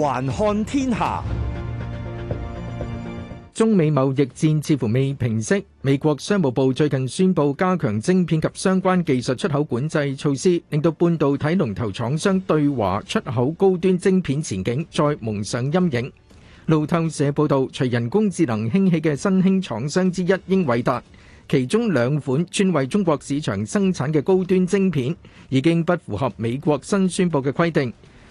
環看天下，中美貿易戰似乎未平息。美國商務部最近宣布加強晶片及相關技術出口管制措施，令到半導體龍頭廠商對華出口高端晶片前景再蒙上陰影。路透社報道，隨人工智能興起嘅新興廠商之一英偉達，其中兩款專為中國市場生產嘅高端晶片已經不符合美國新宣布嘅規定。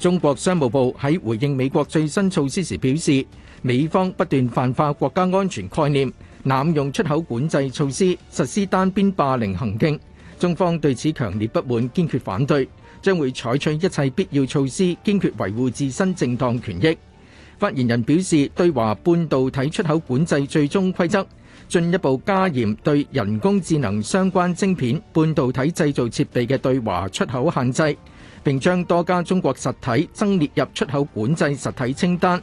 中國商務部喺回應美國最新措施時表示,美方不斷泛化國家安全概念,濫用出口管制措施,實施單邊霸凌行徑。中方對此強烈不滿,堅決反對,將會採取一切必要措施,堅決維護自身正當權益。發言人表示,對華半導體出口管制最終規則,進一步加嚴對人工智能相關晶片,半導體製造設備嘅對華出口限制。並將多家中國實體增列入出口管制實體清單。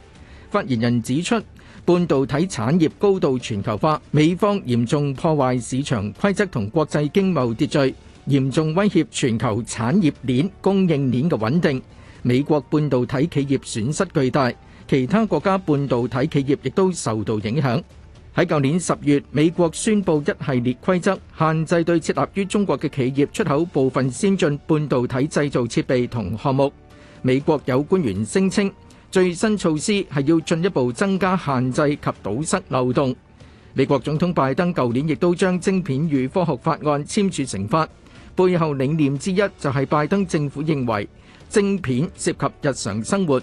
發言人指出，半導體產業高度全球化，美方嚴重破壞市場規則同國際經貿秩序，嚴重威脅全球產業鏈、供應鏈嘅穩定。美國半導體企業損失巨大，其他國家半導體企業亦都受到影響。喺舊年十月，美國宣布一系列規則，限制對設立於中國嘅企業出口部分先進半導體製造設備同項目。美國有官員聲稱，最新措施係要進一步增加限制及堵塞漏洞。美國總統拜登舊年亦都將《晶片與科學法案》簽署成法，背後理念之一就係拜登政府認為晶片涉及日常生活。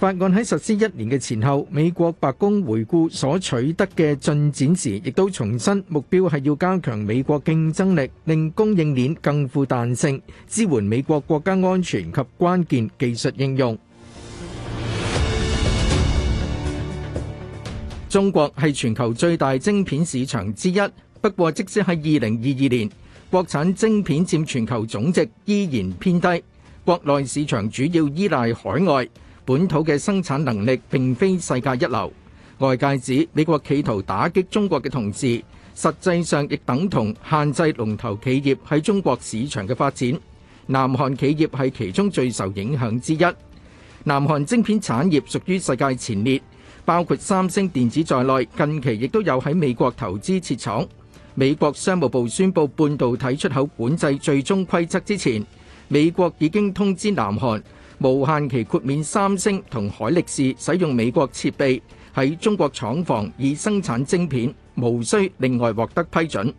法案喺實施一年嘅前後，美國白宮回顧所取得嘅進展時，亦都重申目標係要加強美國競爭力，令供應鏈更富彈性，支援美國國家安全及關鍵技術應用。中國係全球最大晶片市場之一，不過即使喺二零二二年，國產晶片佔全球總值依然偏低，國內市場主要依賴海外。本土嘅生產能力並非世界一流，外界指美國企圖打擊中國嘅同時，實際上亦等同限制龍頭企業喺中國市場嘅發展。南韓企業係其中最受影響之一。南韓晶片產業屬於世界前列，包括三星電子在內，近期亦都有喺美國投資設廠。美國商務部宣布半導體出口管制最終規則之前，美國已經通知南韓。無限期豁免三星同海力士使用美國設備喺中國廠房以生產晶片，無需另外獲得批准。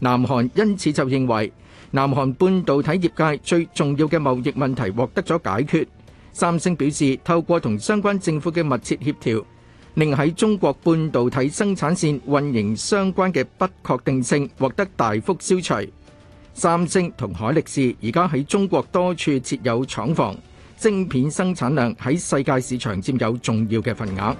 南韓因此就認為，南韓半導體業界最重要嘅貿易問題獲得咗解決。三星表示，透過同相關政府嘅密切協調，令喺中國半導體生產線運營相關嘅不確定性獲得大幅消除。三星同海力士而家喺中國多處設有廠房。晶片生產量喺世界市場佔有重要嘅份額。